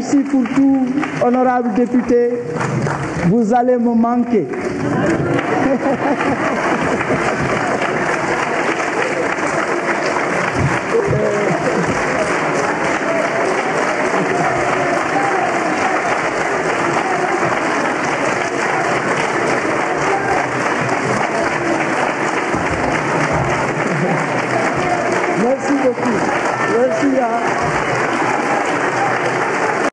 Merci pour tout, honorable député. Vous allez me manquer.